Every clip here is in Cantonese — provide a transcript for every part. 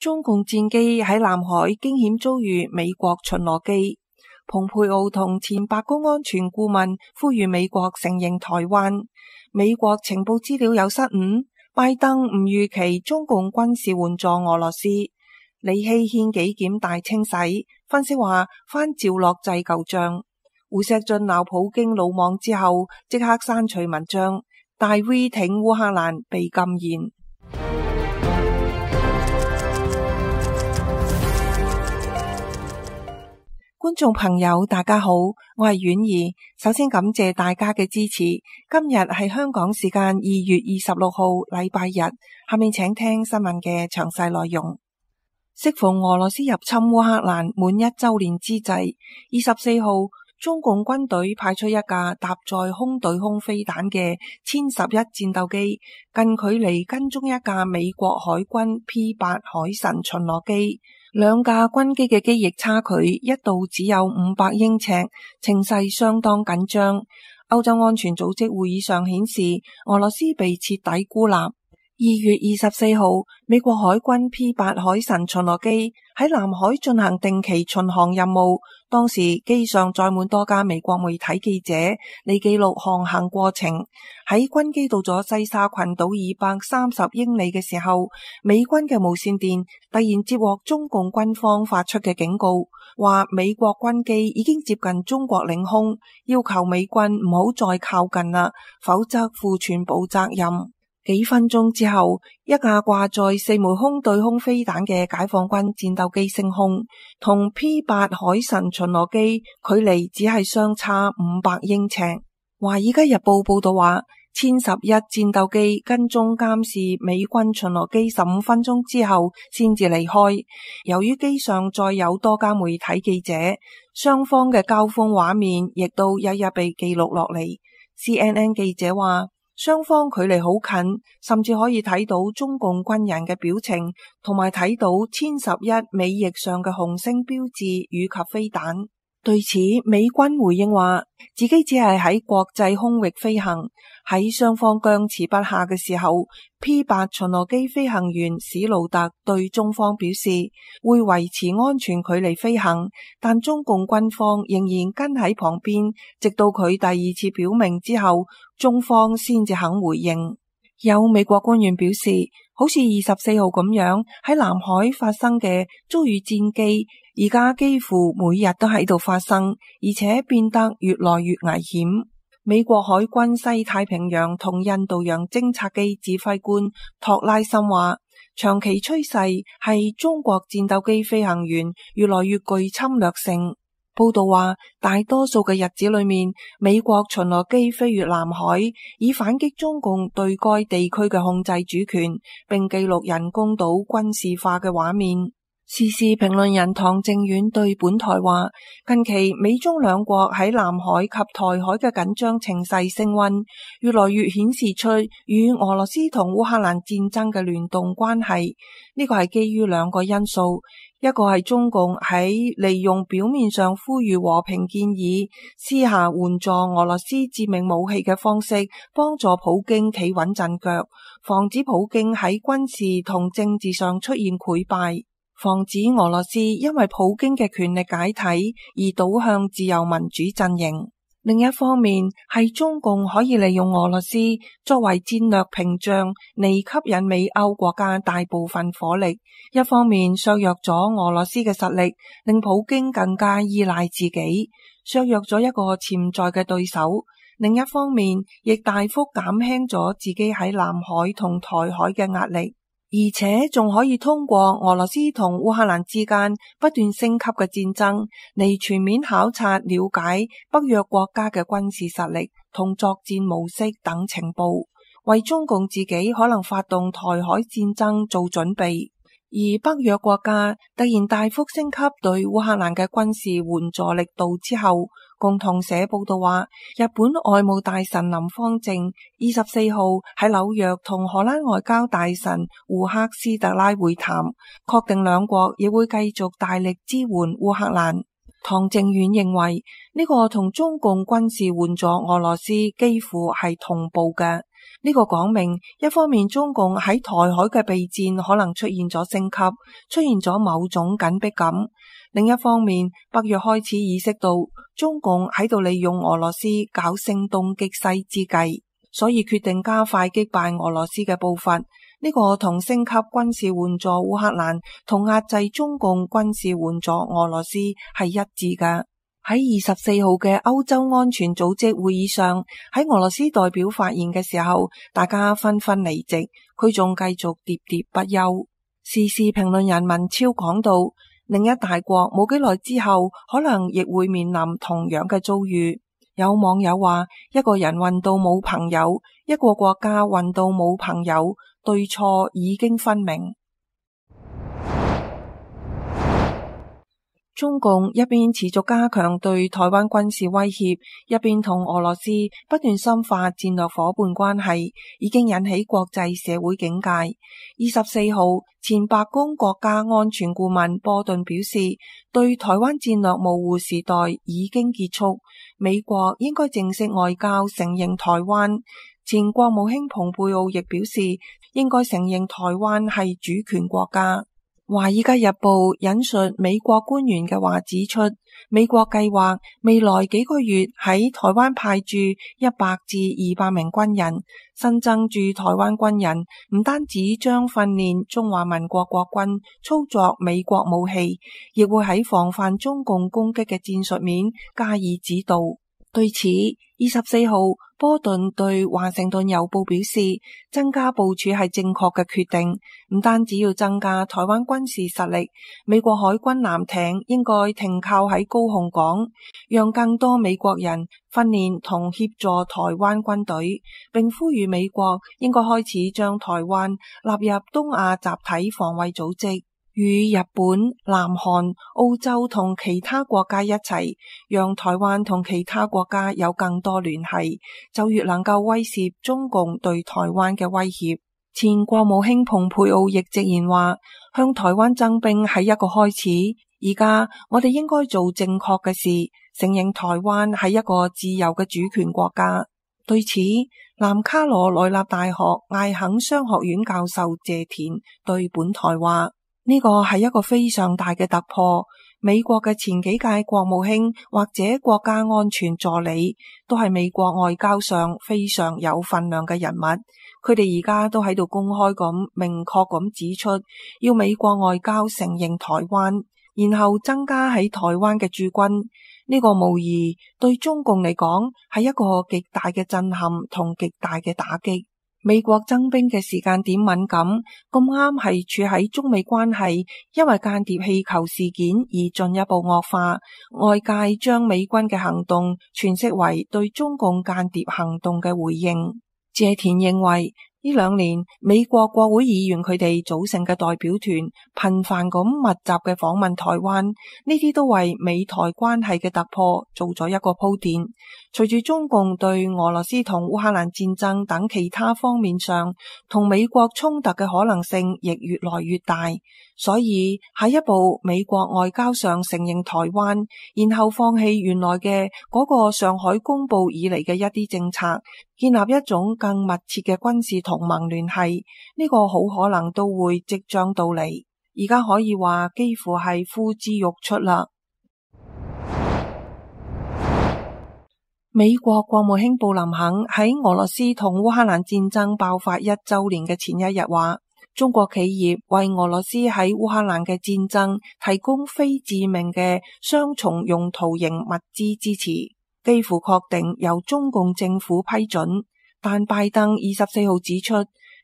中共戰機喺南海驚險遭遇美國巡邏機，蓬佩奧同前白宮安全顧問呼籲美國承認台灣。美國情報資料有失誤，拜登唔預期中共軍事援助俄羅斯。李希憲紀檢大清洗，分析話翻趙樂際舊賬。胡錫進鬧普京魯莽之後，即刻刪除文章。大 V 挺烏克蘭被禁言。觀眾朋友，大家好，我係婉兒。首先感謝大家嘅支持。今日係香港時間二月二十六號禮拜日，下面請聽新聞嘅詳細內容。適逢俄羅斯入侵烏克蘭滿一周年之際，二十四號，中共軍隊派出一架搭載空對空飛彈嘅殲十一戰鬥機，近距離跟蹤一架美國海軍 P 八海神巡邏機。兩架軍機嘅機翼差距一度只有五百英尺，情勢相當緊張。歐洲安全組織會議上顯示，俄羅斯被徹底孤立。二月二十四號，美國海軍 P 八海神巡邏機。喺南海進行定期巡航任務，當時機上載滿多家美國媒體記者嚟記錄航行過程。喺軍機到咗西沙群島二百三十英里嘅時候，美軍嘅無線電突然接獲中共軍方發出嘅警告，話美國軍機已經接近中國領空，要求美軍唔好再靠近啦，否則負全部責任。幾分鐘之後，一架掛載四枚空對空飛彈嘅解放軍戰鬥機升空，同 P 八海神巡邏機距離只係相差五百英尺。華爾街日報報道話，殲十一戰鬥機跟蹤監視美軍巡邏機十五分鐘之後先至離開。由於機上再有多家媒體記者，雙方嘅交鋒畫面亦都一一被記錄落嚟。C N N 記者話。雙方距離好近，甚至可以睇到中共軍人嘅表情，同埋睇到殲十一尾翼上嘅紅星標誌以及飛彈。對此，美軍回應話，自己只係喺國際空域飛行。喺雙方僵持不下嘅時候，P-8 巡邏機飛行員史路達對中方表示，會維持安全距離飛行。但中共軍方仍然跟喺旁邊，直到佢第二次表明之後，中方先至肯回應。有美國官員表示，好似二十四號咁樣喺南海發生嘅遭遇戰機。而家幾乎每日都喺度發生，而且變得越來越危險。美國海軍西太平洋同印度洋偵察機指揮官托拉森話：長期趨勢係中國戰鬥機飛行員越來越具侵略性。報道話，大多數嘅日子裏面，美國巡邏機飛越南海，以反擊中共對該地區嘅控制主權，並記錄人工島軍事化嘅畫面。時事評論人唐正遠對本台話，近期美中兩國喺南海及台海嘅緊張情勢升溫，越來越顯示出與俄羅斯同烏克蘭戰爭嘅聯動關係。呢個係基於兩個因素，一個係中共喺利用表面上呼籲和平建議，私下援助俄羅斯致命武器嘅方式，幫助普京企穩陣腳，防止普京喺軍事同政治上出現潰敗。防止俄羅斯因為普京嘅權力解體而倒向自由民主陣營；另一方面，係中共可以利用俄羅斯作為戰略屏障，嚟吸引美歐國家大部分火力；一方面削弱咗俄羅斯嘅實力，令普京更加依賴自己，削弱咗一個潛在嘅對手；另一方面，亦大幅減輕咗自己喺南海同台海嘅壓力。而且仲可以通過俄羅斯同烏克蘭之間不斷升級嘅戰爭，嚟全面考察了解北約國家嘅軍事實力同作戰模式等情報，為中共自己可能發動台海戰爭做準備。而北約國家突然大幅升級對烏克蘭嘅軍事援助力度之後。共同社報道話，日本外務大臣林芳正二十四號喺紐約同荷蘭外交大臣胡克斯特拉會談，確定兩國也會繼續大力支援烏克蘭。唐靖遠認為呢個同中共軍事援助俄羅斯幾乎係同步嘅，呢個講明一方面中共喺台海嘅備戰可能出現咗升級，出現咗某種緊迫感。另一方面，北約開始意識到中共喺度利用俄羅斯搞聲東擊西之計，所以決定加快擊敗俄羅斯嘅步伐。呢個同升級軍事援助烏克蘭同壓制中共軍事援助俄羅斯係一致噶喺二十四號嘅歐洲安全組織會議上，喺俄羅斯代表發言嘅時候，大家紛紛離席，佢仲繼續喋喋不休。時事評論人文超講到。另一大國冇幾耐之後，可能亦會面臨同樣嘅遭遇。有網友話：一個人混到冇朋友，一個國家混到冇朋友，對錯已經分明。中共一邊持續加強對台灣軍事威脅，一邊同俄羅斯不斷深化戰略伙伴關係，已經引起國際社會警戒。二十四號，前白宮國家安全顧問波頓表示，對台灣戰略模糊時代已經結束，美國應該正式外交承認台灣。前國務卿蓬佩奧亦表示，應該承認台灣係主權國家。華爾街日報引述美國官員嘅話指出，美國計劃未來幾個月喺台灣派駐一百至二百名軍人，新增駐台灣軍人唔單止將訓練中華民國國軍操作美國武器，亦會喺防範中共攻擊嘅戰術面加以指導。對此，二十四號。波頓對華盛頓郵報表示，增加部署係正確嘅決定，唔單止要增加台灣軍事實力，美國海軍艦艇應該停靠喺高雄港，讓更多美國人訓練同協助台灣軍隊，並呼籲美國應該開始將台灣納入東亞集體防衛組織。與日本、南韓、澳洲同其他國家一齊，讓台灣同其他國家有更多聯繫，就越能夠威懾中共對台灣嘅威脅。前國務卿蓬佩奧亦直言話，向台灣增兵係一個開始，而家我哋應該做正確嘅事，承認台灣係一個自由嘅主權國家。對此，南卡羅來納大學艾肯商學院教授謝田對本台話。呢個係一個非常大嘅突破。美國嘅前幾屆國務卿或者國家安全助理，都係美國外交上非常有份量嘅人物。佢哋而家都喺度公開咁明確咁指出，要美國外交承認台灣，然後增加喺台灣嘅駐軍。呢、這個無疑對中共嚟講係一個極大嘅震撼同極大嘅打擊。美國增兵嘅時間點敏感，咁啱係處喺中美關係因為間諜氣球事件而進一步惡化，外界將美軍嘅行動詮釋為對中共間諜行動嘅回應。謝田認為。呢兩年，美國國會議員佢哋組成嘅代表團頻繁咁密集嘅訪問台灣，呢啲都為美台關係嘅突破做咗一個鋪墊。隨住中共對俄羅斯同烏克蘭戰爭等其他方面上，同美國衝突嘅可能性亦越來越大。所以下一步，美國外交上承認台灣，然後放棄原來嘅嗰個上海公報以嚟嘅一啲政策，建立一種更密切嘅軍事同盟聯繫，呢、這個好可能都會即將到嚟。而家可以話幾乎係呼之欲出啦。 美國國務卿布林肯喺俄羅斯同烏克蘭戰爭爆發一周年嘅前一日話。中國企業為俄羅斯喺烏克蘭嘅戰爭提供非致命嘅雙重用途型物資支持，幾乎確定由中共政府批准。但拜登二十四號指出，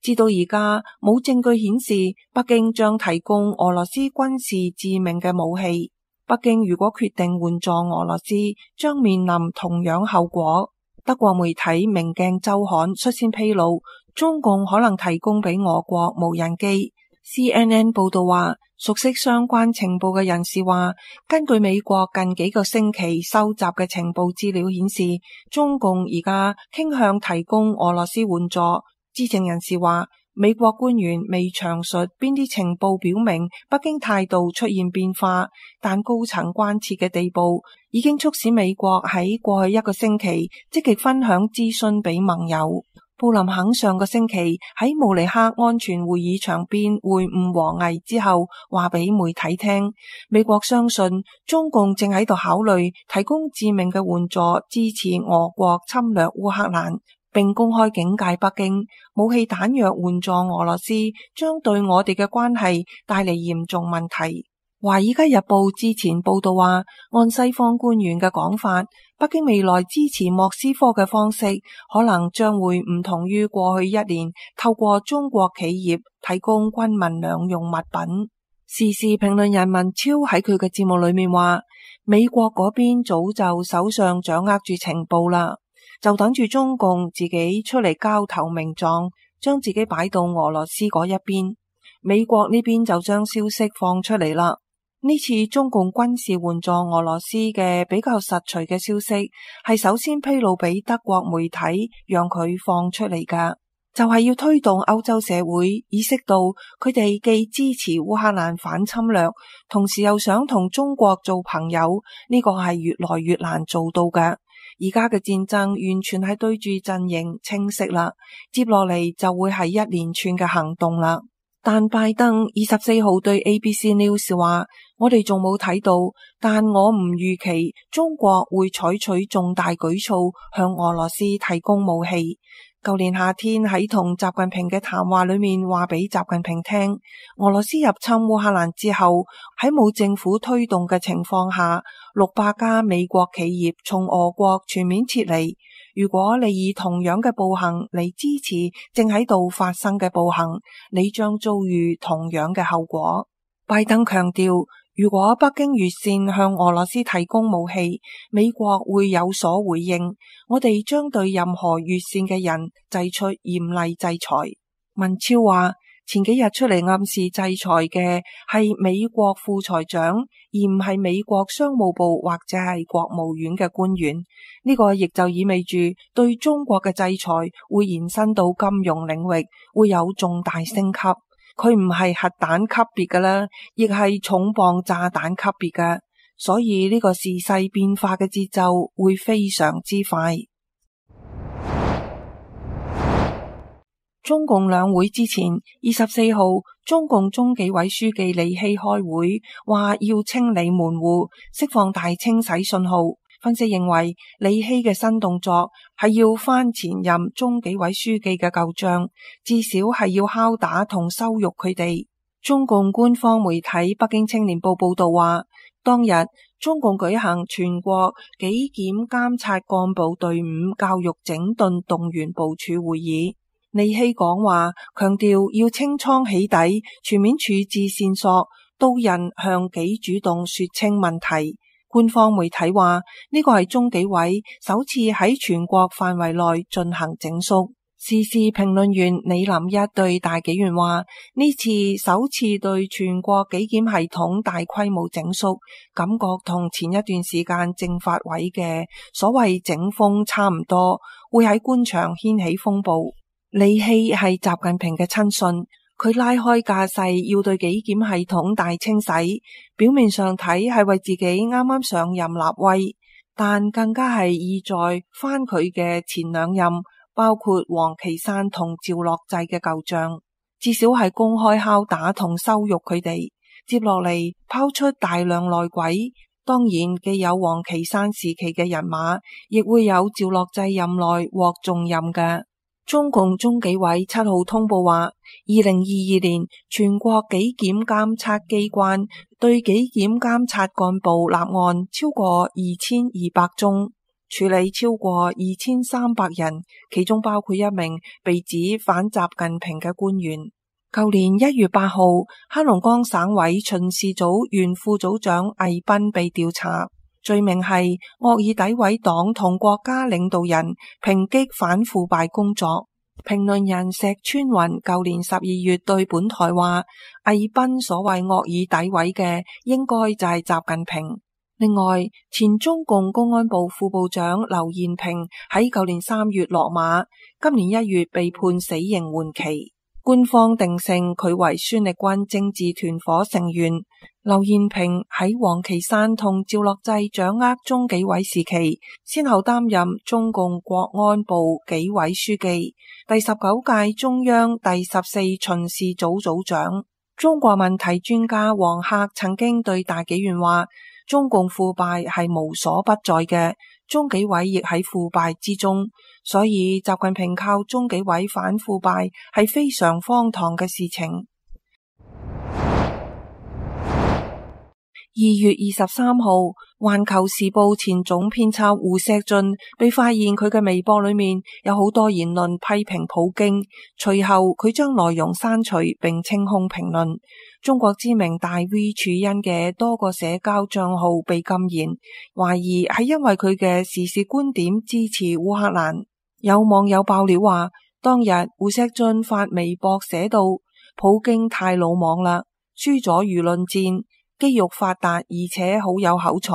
直到而家冇證據顯示北京將提供俄羅斯軍事致命嘅武器。北京如果決定援助俄羅斯，將面臨同樣後果。德國媒體《明鏡周刊》率先披露。中共可能提供俾俄國無人機，CNN 報道話，熟悉相關情報嘅人士話，根據美國近幾個星期收集嘅情報資料顯示，中共而家傾向提供俄羅斯援助。知情人士話，美國官員未詳述邊啲情報表明北京態度出現變化，但高層關切嘅地步已經促使美國喺過去一個星期積極分享資訊俾盟友。布林肯上個星期喺慕尼黑安全會議場邊會晤王毅之後，話俾媒體聽，美國相信中共正喺度考慮提供致命嘅援助支持俄國侵略烏克蘭，並公開警戒北京，武器彈藥援助俄羅斯將對我哋嘅關係帶嚟嚴重問題。《華爾街日報》之前報道話，按西方官員嘅講法。北京未來支持莫斯科嘅方式，可能將會唔同於過去一年，透過中國企業提供軍民兩用物品。時事評論人文超喺佢嘅節目裏面話，美國嗰邊早就手上掌握住情報啦，就等住中共自己出嚟交投名狀，將自己擺到俄羅斯嗰一邊，美國呢邊就將消息放出嚟啦。呢次中共軍事援助俄羅斯嘅比較實錘嘅消息，係首先披露俾德國媒體，讓佢放出嚟噶，就係要推動歐洲社會意識到佢哋既支持烏克蘭反侵略，同時又想同中國做朋友，呢個係越來越難做到嘅。而家嘅戰爭完全係對住陣營清晰啦，接落嚟就會係一連串嘅行動啦。但拜登二十四號對 ABC News 話：我哋仲冇睇到，但我唔預期中國會採取重大舉措向俄羅斯提供武器。舊年夏天喺同習近平嘅談話裏面話俾習近平聽，俄羅斯入侵烏克蘭之後，喺冇政府推動嘅情況下，六百家美國企業從俄國全面撤離。如果你以同樣嘅暴行嚟支持正喺度發生嘅暴行，你將遭遇同樣嘅後果。拜登強調，如果北京越線向俄羅斯提供武器，美國會有所回應，我哋將對任何越線嘅人祭出嚴厲制裁。文超話。前幾日出嚟暗示制裁嘅係美國副財長，而唔係美國商務部或者係國務院嘅官員。呢個亦就意味住對中國嘅制裁會延伸到金融領域，會有重大升級。佢唔係核彈級別㗎啦，亦係重磅炸彈級別嘅。所以呢個時勢變化嘅節奏會非常之快。中共兩會之前，二十四號，中共中紀委書記李希開會，話要清理門戶，釋放大清洗信號。分析認為，李希嘅新動作係要翻前任中紀委書記嘅舊賬，至少係要敲打同羞辱佢哋。中共官方媒體《北京青年報》報道話，當日中共舉行全國紀檢監察幹部隊伍教育整頓動員部署會議。李希講話強調要清倉起底，全面處置線索。刀刃向己主動說清問題。官方媒體話呢個係中紀委首次喺全國範圍內進行整肅。時事評論員李林一對大紀元話：呢次首次對全國紀檢系統大規模整肅，感覺同前一段時間政法委嘅所謂整風差唔多，會喺官場掀起風暴。李希係習近平嘅親信，佢拉開架勢要對紀檢系統大清洗。表面上睇係為自己啱啱上任立威，但更加係意在翻佢嘅前兩任，包括王岐山同趙樂際嘅舊賬。至少係公開敲打同羞辱佢哋。接落嚟拋出大量內鬼，當然既有王岐山時期嘅人馬，亦會有趙樂際任內獲重任嘅。中共中紀委七號通報話，二零二二年全國紀檢監察機關對紀檢監察干部立案超過二千二百宗，處理超過二千三百人，其中包括一名被指反習近平嘅官員。舊年一月八號，黑龍江省委巡視組原副組長魏斌被調查。罪名係惡意詆毀黨同國家領導人，抨擊反腐敗工作。評論人石川雲舊年十二月對本台話，魏斌所謂惡意詆毀嘅，應該就係習近平。另外，前中共公安部副部長劉彥平喺舊年三月落馬，今年一月被判死刑緩期。官方定性佢為孫力軍政治團夥成員。劉彥平喺王岐山同趙樂際掌握中紀委時期，先後擔任中共國安部紀委書記、第十九屆中央第十四巡視組組長。中國問題專家王赫曾經對大紀元話。中共腐敗係無所不在嘅，中紀委亦喺腐敗之中，所以習近平靠中紀委反腐敗係非常荒唐嘅事情。二月二十三號，環球時報前總編輯胡錫進被發現佢嘅微博裏面有好多言論批評普京。隨後佢將內容刪除並清空評論。中國知名大 V 儲殷嘅多個社交賬號被禁言，懷疑係因為佢嘅時事觀點支持烏克蘭。有網友爆料話，當日胡錫進發微博寫道：普京太魯莽啦，輸咗輿論戰。肌肉發達而且好有口才，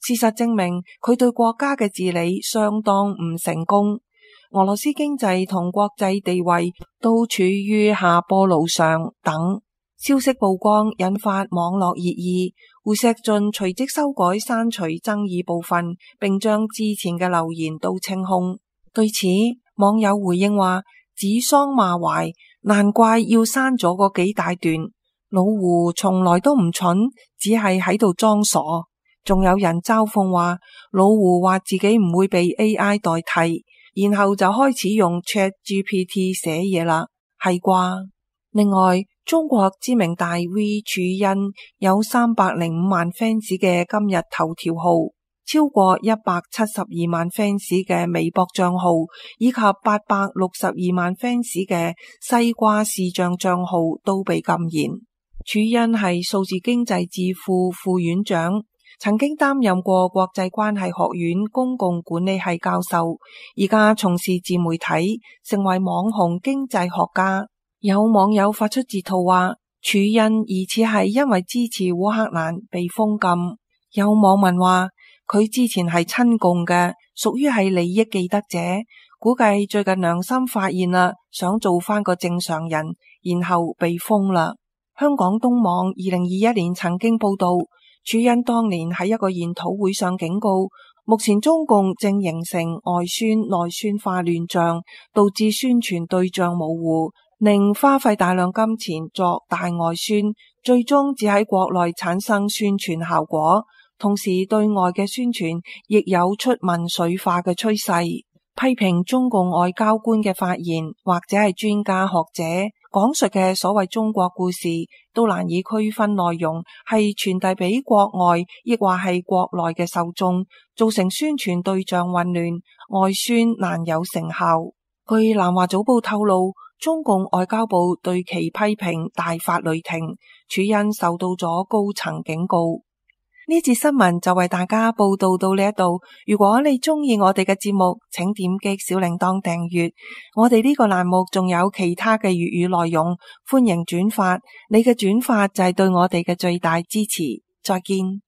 事實證明佢對國家嘅治理相當唔成功。俄羅斯經濟同國際地位都處於下坡路上等。消息曝光引發網絡熱議，胡錫進隨即修改刪除爭議部分，并將之前嘅留言都清空。對此，網友回應話指桑罵槐，難怪要刪咗嗰幾大段。老胡從來都唔蠢，只係喺度裝傻。仲有人嘲諷話，老胡話自己唔會被 AI 代替，然後就開始用 ChatGPT 寫嘢啦，係啩？另外，中國知名大 V 柱印，有三百零五萬 fans 嘅今日頭條號，超過一百七十二萬 fans 嘅微博賬號，以及八百六十二萬 fans 嘅西瓜視像賬號都被禁言。儲殷係數字經濟智庫副院長，曾經擔任過國際關係學院公共管理系教授，而家從事自媒體，成為網紅經濟學家。有網友發出截圖話，儲殷疑似係因為支持烏克蘭被封禁。有網民話佢之前係親共嘅，屬於係利益既得者，估計最近良心發現啦，想做翻個正常人，然後被封啦。香港東網二零二一年曾經報道，儲殷當年喺一個研討會上警告，目前中共正形成外宣內宣化亂象，導致宣傳對象模糊，令花費大量金錢作大外宣，最終只喺國內產生宣傳效果，同時對外嘅宣傳亦有出民粹化嘅趨勢，批評中共外交官嘅發言或者係專家學者。講述嘅所謂中國故事都難以區分內容，係傳遞畀國外亦或係國內嘅受眾，造成宣傳對象混亂，外宣難有成效。據《南華早報》透露，中共外交部對其批評大發雷霆，處因受到咗高層警告。呢節新聞就為大家報道到呢一度。如果你鍾意我哋嘅節目，請點擊小鈴鐺訂閱。我哋呢個欄目仲有其他嘅粵語內容，歡迎轉發。你嘅轉發就係對我哋嘅最大支持。再見。